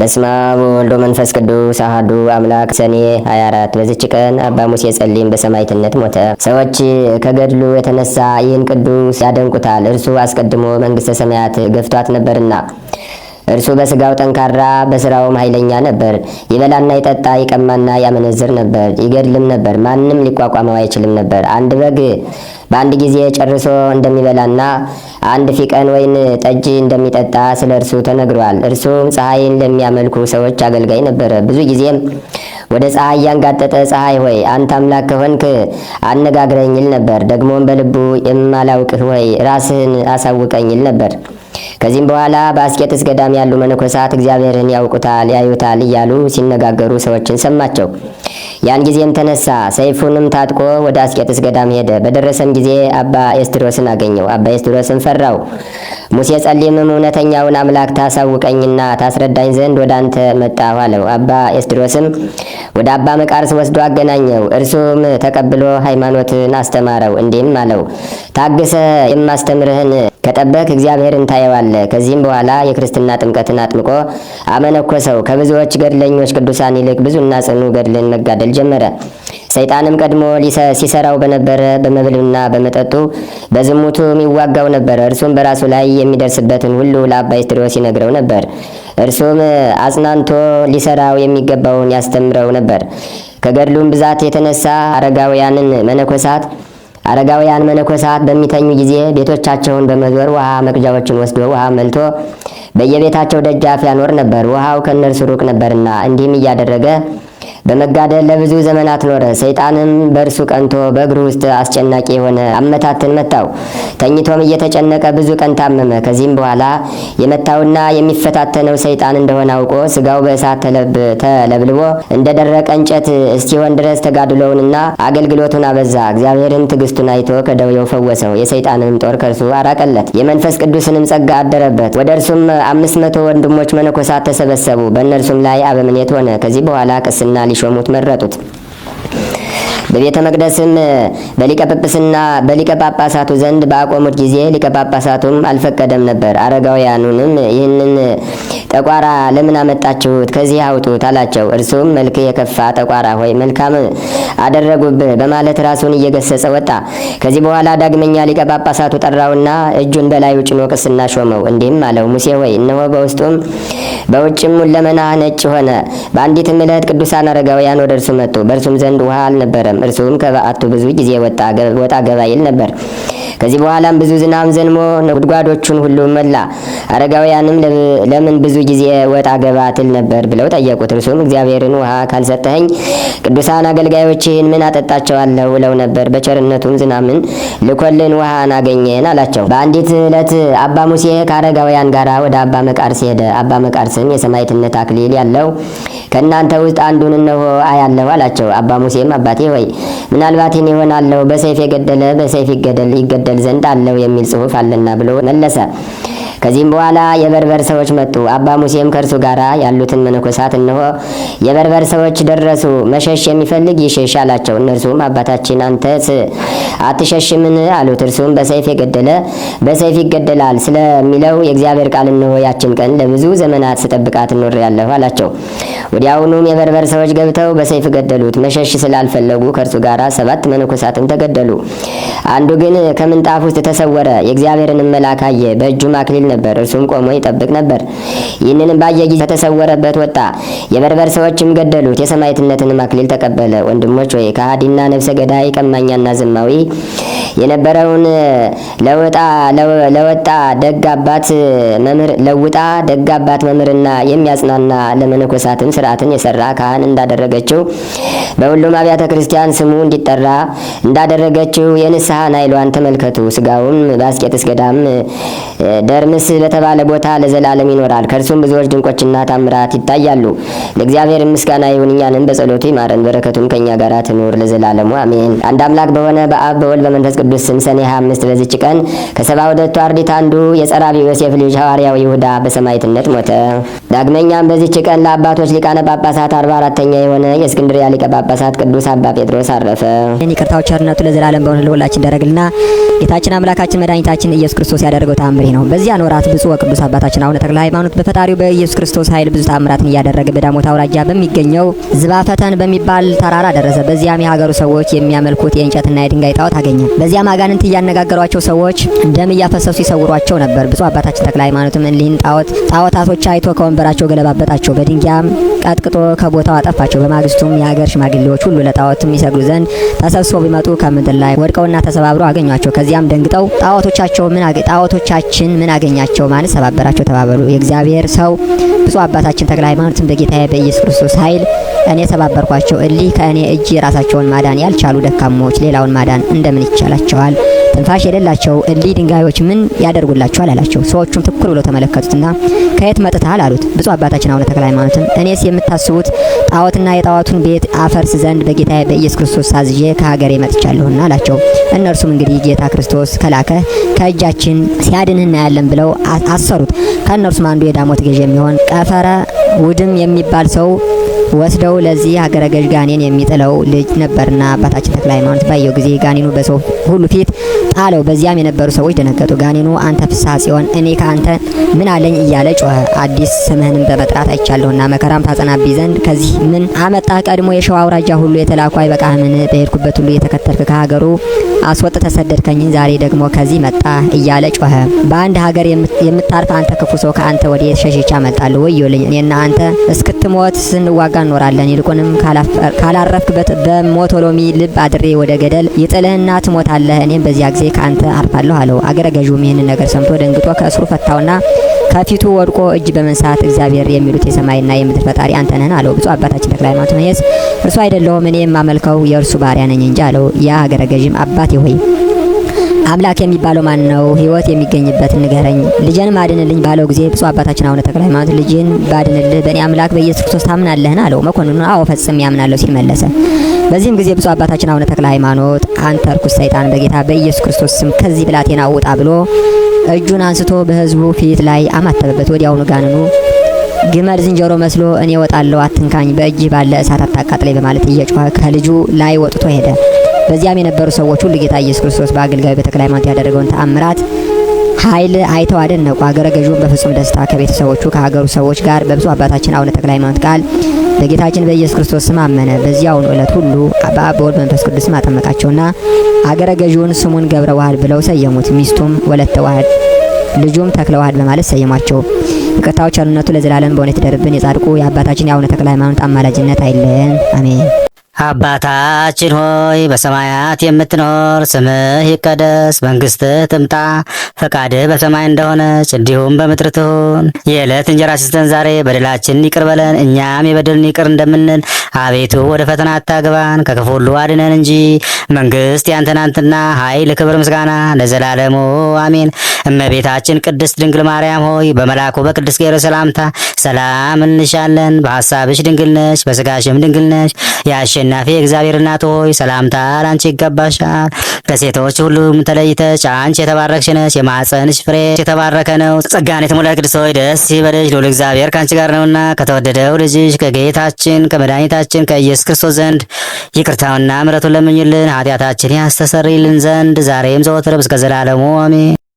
በስመ አብ ወልዶ መንፈስ ቅዱስ አህዱ አምላክ። ሰኔ 24 በዚች ቀን አባ ሙሴ ጸሊም በሰማዕትነት ሞተ። ሰዎች ከገድሉ የተነሳ ይህን ቅዱስ ያደንቁታል። እርሱ አስቀድሞ መንግሥተ ሰማያት ገፍቷት ነበርና እርሱ በስጋው ጠንካራ በስራውም ኃይለኛ ነበር። ይበላና ይጠጣ ይቀማና ያመነዝር ነበር፣ ይገድልም ነበር። ማንም ሊቋቋመው አይችልም ነበር። አንድ በግ በአንድ ጊዜ ጨርሶ እንደሚበላና አንድ ፊቀን ወይን ጠጅ እንደሚጠጣ ስለ እርሱ ተነግሯል። እርሱም ፀሐይን ለሚያመልኩ ሰዎች አገልጋይ ነበረ። ብዙ ጊዜም ወደ ፀሐይ ያንጋጠጠ ፀሐይ ሆይ አንተ አምላክ ከሆንክ አነጋግረኝ ይል ነበር። ደግሞም በልቡ የማላውቅህ ሆይ ራስህን አሳውቀኝ ይል ነበር። ከዚህም በኋላ በአስቄጥስ ገዳም ያሉ መነኮሳት እግዚአብሔርን ያውቁታል፣ ያዩታል እያሉ ሲነጋገሩ ሰዎችን ሰማቸው። ያን ጊዜም ተነሳ፣ ሰይፉንም ታጥቆ ወደ አስቄጥስ ገዳም ሄደ። በደረሰም ጊዜ አባ ኤስድሮስን አገኘው። አባ ኤስድሮስን ፈራው። ሙሴ ጸሊምም እውነተኛውን አምላክ ታሳውቀኝና ታስረዳኝ ዘንድ ወደ አንተ መጣሁ አለው። አባ ኤስድሮስም ወደ አባ መቃርስ ወስዶ አገናኘው። እርሱም ተቀብሎ ሃይማኖትን አስተማረው። እንዲህም አለው፣ ታግሰ የማስተምርህን ከጠበቅ እግዚአብሔርን ታየዋለህ። ከዚህም በኋላ የክርስትና ጥምቀትን አጥምቆ አመነኮሰው። ከብዙዎች ገድለኞች ቅዱሳን ይልቅ ብዙና ጽኑ ገድልን መጋደል ጀመረ። ሰይጣንም ቀድሞ ሲሰራው በነበረ በመብልና በመጠጡ በዝሙቱ የሚዋጋው ነበር። እርሱም በራሱ ላይ የሚደርስበትን ሁሉ ለአባ እስትሮስ ይነግረው ነበር። እርሱም አጽናንቶ ሊሰራው የሚገባውን ያስተምረው ነበር። ከገድሉም ብዛት የተነሳ አረጋውያንን መነኮሳት አረጋውያን መነኮሳት በሚተኙ ጊዜ ቤቶቻቸውን በመዞር ውሃ መቅጃዎችን ወስዶ ውሃ መልቶ በየቤታቸው ደጃፍ ያኖር ነበር። ውሃው ከእነርሱ ሩቅ ነበርና እንዲህም እያደረገ በመጋደል ለብዙ ዘመናት ኖረ። ሰይጣንም በእርሱ ቀንቶ በእግሩ ውስጥ አስጨናቂ የሆነ አመታትን መታው። ተኝቶም እየተጨነቀ ብዙ ቀን ታመመ። ከዚህም በኋላ የመታውና የሚፈታተነው ሰይጣን እንደሆነ አውቆ ስጋው በእሳት ተለብልቦ እንደ ደረቀ እንጨት እስኪሆን ድረስ ተጋድሎውንና አገልግሎቱን አበዛ። እግዚአብሔርም ትዕግስቱን አይቶ ከደዌው ፈወሰው። የሰይጣንንም ጦር ከእርሱ አራቀለት። የመንፈስ ቅዱስንም ጸጋ አደረበት። ወደ እርሱም አምስት መቶ ወንድሞች መነኮሳት ተሰበሰቡ። በእነርሱም ላይ አበምኔት ሆነ። ከዚህ በኋላ ቅስና ጵጵስና ሊሾሙት መረጡት። በቤተ መቅደስም በሊቀ ጵጵስና በሊቀ ጳጳሳቱ ዘንድ በአቆሙት ጊዜ ሊቀ ጳጳሳቱም አልፈቀደም ነበር። አረጋውያኑንም ይህንን ጠቋራ ለምን አመጣችሁት? ከዚህ አውጡት አላቸው። እርሱም መልክ የከፋ ጠቋራ ሆይ መልካም አደረጉብህ በማለት ራሱን እየገሰጸ ወጣ። ከዚህ በኋላ ዳግመኛ ሊቀ ጳጳሳቱ ጠራውና እጁን በላዩ ጭኖ ቅስና ሾመው። እንዲህም አለው፣ ሙሴ ሆይ እነሆ በውስጡም በውጭም ለመና ነጭ ሆነ። በአንዲትም ዕለት ቅዱሳን አረጋውያን ወደ እርሱ መጡ። በእርሱም ዘንድ ውሃ አልነበረም። እርሱም ከበዓቱ ብዙ ጊዜ ወጣ ገባ ይል ነበር። ከዚህ በኋላም ብዙ ዝናብ ዘንሞ ጉድጓዶቹን ሁሉ መላ። አረጋውያንም ለምን ብዙ ጊዜ ወጣ ገባ ትል ነበር ብለው ጠየቁት። እርሱም እግዚአብሔርን ውሃ ካልሰጠኸኝ ቅዱሳን አገልጋዮችህን ምን አጠጣቸዋለሁ ብለው ነበር። በቸርነቱም ዝናምን ልኮልን ውሃን አገኘን አላቸው። በአንዲት ዕለት አባ ሙሴ ከአረጋውያን ጋር ወደ አባ መቃርስ ሄደ። አባ መቃርስን የሰማዕትነት አክሊል ያለው ከእናንተ ውስጥ አንዱን እነሆ አያለሁ አላቸው። አባ ሙሴም አባቴ ሆይ ምናልባት እኔ አለው በሰይፍ የገደለ በሰይፍ ይገደል ይገደል ዘንድ አለው የሚል ጽሁፍ አለና ብሎ መለሰ። ከዚህም በኋላ የበርበር ሰዎች መጡ። አባ ሙሴም ከእርሱ ጋር ያሉትን መነኮሳት እንሆ የበርበር ሰዎች ደረሱ፣ መሸሽ የሚፈልግ ይሸሽ አላቸው። እነርሱም አባታችን አንተስ አትሸሽምን አሉት። እርሱም በሰይፍ የገደለ በሰይፍ ይገደላል ስለሚለው የእግዚአብሔር ቃል እንሆ ያችን ቀን ለብዙ ዘመናት ስጠብቃት እኖር ያለሁ አላቸው። ወዲያውኑም የበርበር ሰዎች ገብተው በሰይፍ ገደሉት። መሸሽ ስላልፈለጉ ከእርሱ ጋር ሰባት መነኮሳትን ተገደሉ። አንዱ ግን ከምንጣፍ ውስጥ ተሰወረ። የእግዚአብሔርን መልአክ አየ። በእጁም አክሊል ነበር። እርሱም ቆሞ ይጠብቅ ነበር። ይህንንም ባየ ጊዜ ከተሰወረበት ወጣ። የበርበር ሰዎችም ገደሉት። የሰማዕትነትንም አክሊል ተቀበለ። ወንድሞች ወይ ከሃዲና ነፍሰ ገዳይ ቀማኛና ዘማዊ የነበረውን ለወጣ ለወጣ ደግ አባት መምህር ለውጣ ደግ አባት መምህርና የሚያጽናና ለመነኮሳትም ስርዓትን የሰራ ካህን እንዳደረገችው በሁሉም አብያተ ክርስቲያን ስሙ እንዲጠራ እንዳደረገችው የንስሐ ናይሏን ተመልከቱ። ስጋውም በአስቄጥስ ገዳም ደርምስ በተባለ ቦታ ለዘላለም ይኖራል። ከእርሱም ብዙዎች ድንቆችና ታምራት ይታያሉ። ለእግዚአብሔር ምስጋና ይሁን፣ እኛንም በጸሎቱ ይማረን፣ በረከቱም ከእኛ ጋር ትኑር ለዘላለሙ አሜን። አንድ አምላክ በሆነ በአብ በወልድ በመንፈስ ቅዱስ ስም ሰኔ 25 በዚች ቀን ከሰባ ሁለቱ አርድእት አንዱ የጸራቢው ዮሴፍ ልጅ ሐዋርያው ይሁዳ በሰማዕትነት ሞተ። ዳግመኛም በዚች ቀን ለአባቶች ሊቃነ ጳጳሳት 44ተኛ የሆነ የእስክንድሪያ ሊቀ ጳጳሳት ቅዱስ አባ ጴጥሮስ አረፈ። ይህን ይቅርታው ቸርነቱ ለዘላለም በሆነ ለሁላችን ደረግልና ጌታችን አምላካችን መድኃኒታችን ኢየሱስ ክርስቶስ ያደረገው ተአምር ነው። በዚያን ወራት ብፁዕ ወቅዱስ አባታችን አቡነ ተክለ ሃይማኖት በፈጣሪው በኢየሱስ ክርስቶስ ኃይል ብዙ ተአምራትን እያደረገ በዳሞት አውራጃ በሚገኘው ዝባፈተን በሚባል ተራራ ደረሰ። በዚያም የሀገሩ ሰዎች የሚያመልኩት የእንጨትና የድንጋይ ጣዖት አገኘ። እነዚያም አጋንንት እያነጋገሯቸው ሰዎች ደም እያፈሰሱ ይሰውሯቸው ነበር። ብፁዕ አባታችን ተክለ ሃይማኖትም እሊህን ጣዖት ጣዖታቶች አይቶ ከወንበራቸው ገለባበጣቸው፣ በድንጋያም ቀጥቅጦ ከቦታው አጠፋቸው። በማግስቱም የሀገር ሽማግሌዎች ሁሉ ለጣዖት የሚሰግዱ ዘንድ ተሰብስበው ቢመጡ ከምድር ላይ ወድቀውና ተሰባብረው አገኟቸው። ከዚያም ደንግጠው ጣዖቶቻቸው ምን ጣዖቶቻችን ምን አገኛቸው ማለት ሰባበራቸው ተባበሉ። የእግዚአብሔር ሰው ብፁዕ አባታችን ተክለ ሃይማኖትም በጌታዬ በኢየሱስ ክርስቶስ ኃይል እኔ ሰባበርኳቸው፣ እሊህ ከእኔ እጅ የራሳቸውን ማዳን ያልቻሉ ደካሞች ሌላውን ማዳን እንደምን ይቻላል? ይሰጣቸዋል። ትንፋሽ የሌላቸው እሊህ ድንጋዮች ምን ያደርጉላቸዋል? አላቸው። ሰዎቹም ትኩር ብለው ተመለከቱትና ከየት መጥተሃል? አሉት። ብፁዕ አባታችን አቡነ ተክለ ሃይማኖትም እኔስ የምታስቡት ጣዖትና የጣዖቱን ቤት አፈርስ ዘንድ በጌታ በኢየሱስ ክርስቶስ ታዝዤ ከሀገሬ መጥቻለሁና አላቸው። እነርሱም እንግዲህ ጌታ ክርስቶስ ከላከ ከእጃችን ሲያድንህ እናያለን ብለው አሰሩት። ከእነርሱም አንዱ የዳሞት ገዥ የሚሆን ቀፈረ ውድም የሚባል ሰው ወስደው ለዚህ ሀገረ ገዥ ጋኔን የሚጥለው ልጅ ነበርና አባታችን ተክለ ሃይማኖት ባየው ጊዜ ጋኔኑ በሰው ሁሉ ፊት ጣለው። በዚያም የነበሩ ሰዎች ደነገጡ። ጋኔኑ አንተ ፍሳ ሲሆን እኔ ከአንተ ምን አለኝ እያለ ጮኸ። አዲስ ስምህንም በመጥራት አይቻለሁና መከራም ታጸናብኝ ዘንድ ከዚህ ምን አመጣ? ቀድሞ የሸዋ አውራጃ ሁሉ የተላኩ አይበቃህምን? በሄድኩበት ሁሉ የተከተልክ ከሀገሩ አስወጥ ሰደድከኝን ዛሬ ደግሞ ከዚህ መጣ እያለ ጮኸ። በአንድ ሀገር የምታርፍ አንተ ክፉ ሰው ከአንተ ወደ ሸሽቻ መጣለሁ? ወዮልኝ! እኔና አንተ እስክትሞት ስንዋጋ ጋር እንኖራለን። ይልቁንም ካላረፍክበት በሞቶሎሚ ልብ አድሬ ወደ ገደል ይጥልህና ትሞታለህ፣ እኔም በዚያ ጊዜ ከአንተ አርፋለሁ አለው። አገረ ገዥውም ይህንን ነገር ሰምቶ ደንግጦ ከእስሩ ፈታውና ከፊቱ ወድቆ እጅ በመንሳት እግዚአብሔር የሚሉት የሰማይና የምድር ፈጣሪ አንተ ነህን አለው። ብፁዕ አባታችን ተክለ ሃይማኖት መየስ እርሱ አይደለሁም እኔ የማመልከው የእርሱ ባሪያ ነኝ እንጂ አለው። ያ አገረ ገዥም አባቴ ሆይ አምላክ የሚባለው ማን ነው? ህይወት የሚገኝበት ንገረኝ፣ ልጅን ማድንልኝ ባለው ጊዜ ብፁዕ አባታችን አቡነ ተክለ ሃይማኖት ልጅን ባድንልህ በእኔ አምላክ በኢየሱስ ክርስቶስ ታምናለህን? አለው። መኮንኑ አዎ ፈጽም ያምናለሁ ሲል መለሰ። በዚህም ጊዜ ብፁዕ አባታችን አቡነ ተክለ ሃይማኖት አንተ ርኩስ ሰይጣን በጌታ በኢየሱስ ክርስቶስ ስም ከዚህ ብላቴና ውጣ ብሎ እጁን አንስቶ በህዝቡ ፊት ላይ አማተበበት። ወዲያውኑ ጋንኑ ግመል ዝንጀሮ መስሎ እኔ ወጣለሁ፣ አትንካኝ፣ በእጅህ ባለ እሳት አታቃጥለኝ በማለት እየጮኸ ከልጁ ላይ ወጥቶ ሄደ። በዚያም የነበሩ ሰዎች ሁሉ ጌታ ኢየሱስ ክርስቶስ በአገልጋዩ በተክለ ሃይማኖት ያደረገውን ተአምራት ኃይል አይተው አደነቁ። አገረ ገዥውን በፍጹም ደስታ ከቤተሰቦቹ ከሀገሩ ሰዎች ጋር በብዙ አባታችን አቡነ ተክለ ሃይማኖት ቃል በጌታችን በኢየሱስ ክርስቶስ ስም አመነ። በዚያውኑ ዕለት ሁሉ በአብ በወልድ መንፈስ ቅዱስም አጠመቃቸውና አገረ ገዥውን ስሙን ገብረ ዋህድ ብለው ሰየሙት። ሚስቱም ወለተ ዋህድ፣ ልጁም ተክለ ዋህድ በማለት ሰየሟቸው። ይቅርታው ቸርነቱ ለዘላለም በእውነት ይደርብን። የጻድቁ የአባታችን የአቡነ ተክለ ሃይማኖት አማላጅነት አይለን። አሜን። አባታችን ሆይ በሰማያት የምትኖር፣ ስምህ ይቀደስ፣ መንግስትህ ትምጣ፣ ፈቃድህ በሰማይ እንደሆነች እንዲሁም በምድር ትሁን። የዕለት እንጀራችንን ስጠን ዛሬ፣ በደላችንን ይቅር በለን እኛም የበደሉንን ይቅር እንደምንል፣ አቤቱ ወደ ፈተና አታግባን፣ ከክፉ ሁሉ አድነን እንጂ መንግስት ያንተ ናትና፣ ኃይል፣ ክብር፣ ምስጋና ለዘላለሙ አሜን። እመቤታችን ቅድስት ድንግል ማርያም ሆይ በመልአኩ በቅዱስ ገብርኤል ሰላምታ ሰላም እንሻለን። በሐሳብሽ ድንግል ነሽ፣ በስጋሽም ድንግል ነሽ። አሸናፊ እግዚአብሔር እናት ሆይ ሰላምታ ላንቺ ይገባሻል። ከሴቶች ሁሉም ተለይተሽ አንቺ የተባረክሽ ነሽ፣ የማኅፀንሽ ፍሬ የተባረከ ነው። ጸጋን የተሞላ ቅድስት ሆይ ደስ ይበልሽ፣ ልዑል እግዚአብሔር ከአንቺ ጋር ነውና ከተወደደው ልጅሽ ከጌታችን ከመድኃኒታችን ከኢየሱስ ክርስቶስ ዘንድ ይቅርታውና ምሕረቱን ለምኝልን ኃጢአታችን ያስተሰርይልን ዘንድ ዛሬም ዘወትር እስከ ዘላለሙ አሜን።